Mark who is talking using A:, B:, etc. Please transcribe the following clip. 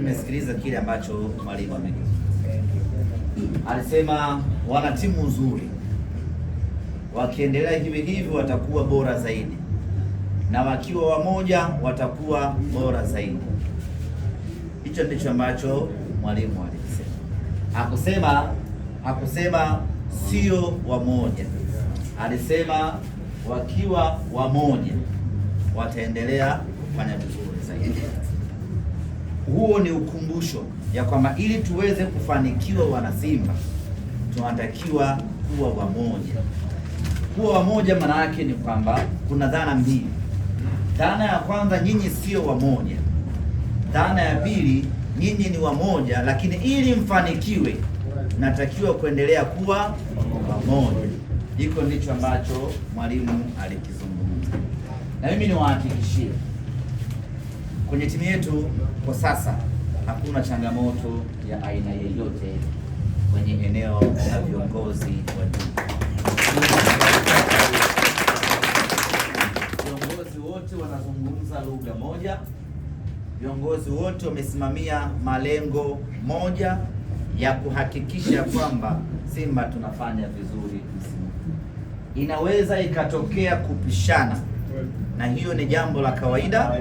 A: Nimesikiliza kile ambacho mwalimu alisema, wana timu nzuri, wakiendelea hivi hivi watakuwa bora zaidi, na wakiwa wamoja watakuwa bora zaidi. Hicho ndicho ambacho mwalimu alikisema. Hakusema hakusema sio wamoja, alisema wakiwa wamoja wataendelea kufanya vizuri huo ni ukumbusho ya kwamba ili tuweze kufanikiwa wanasimba, tunatakiwa kuwa wamoja. Kuwa wamoja maana yake ni kwamba kuna dhana mbili. Dhana ya kwanza, nyinyi sio wamoja. Dhana ya pili, nyinyi ni wamoja, lakini ili mfanikiwe, natakiwa kuendelea kuwa wamoja. Hiko ndicho ambacho mwalimu alikizungumza, na mimi niwahakikishie Kwenye timu yetu kwa sasa hakuna changamoto ya aina yoyote kwenye eneo la viongozi wa Viongozi wote wanazungumza lugha moja, viongozi wote wamesimamia malengo moja ya kuhakikisha kwamba Simba tunafanya vizuri msimu. Inaweza ikatokea kupishana na hiyo ni jambo la kawaida.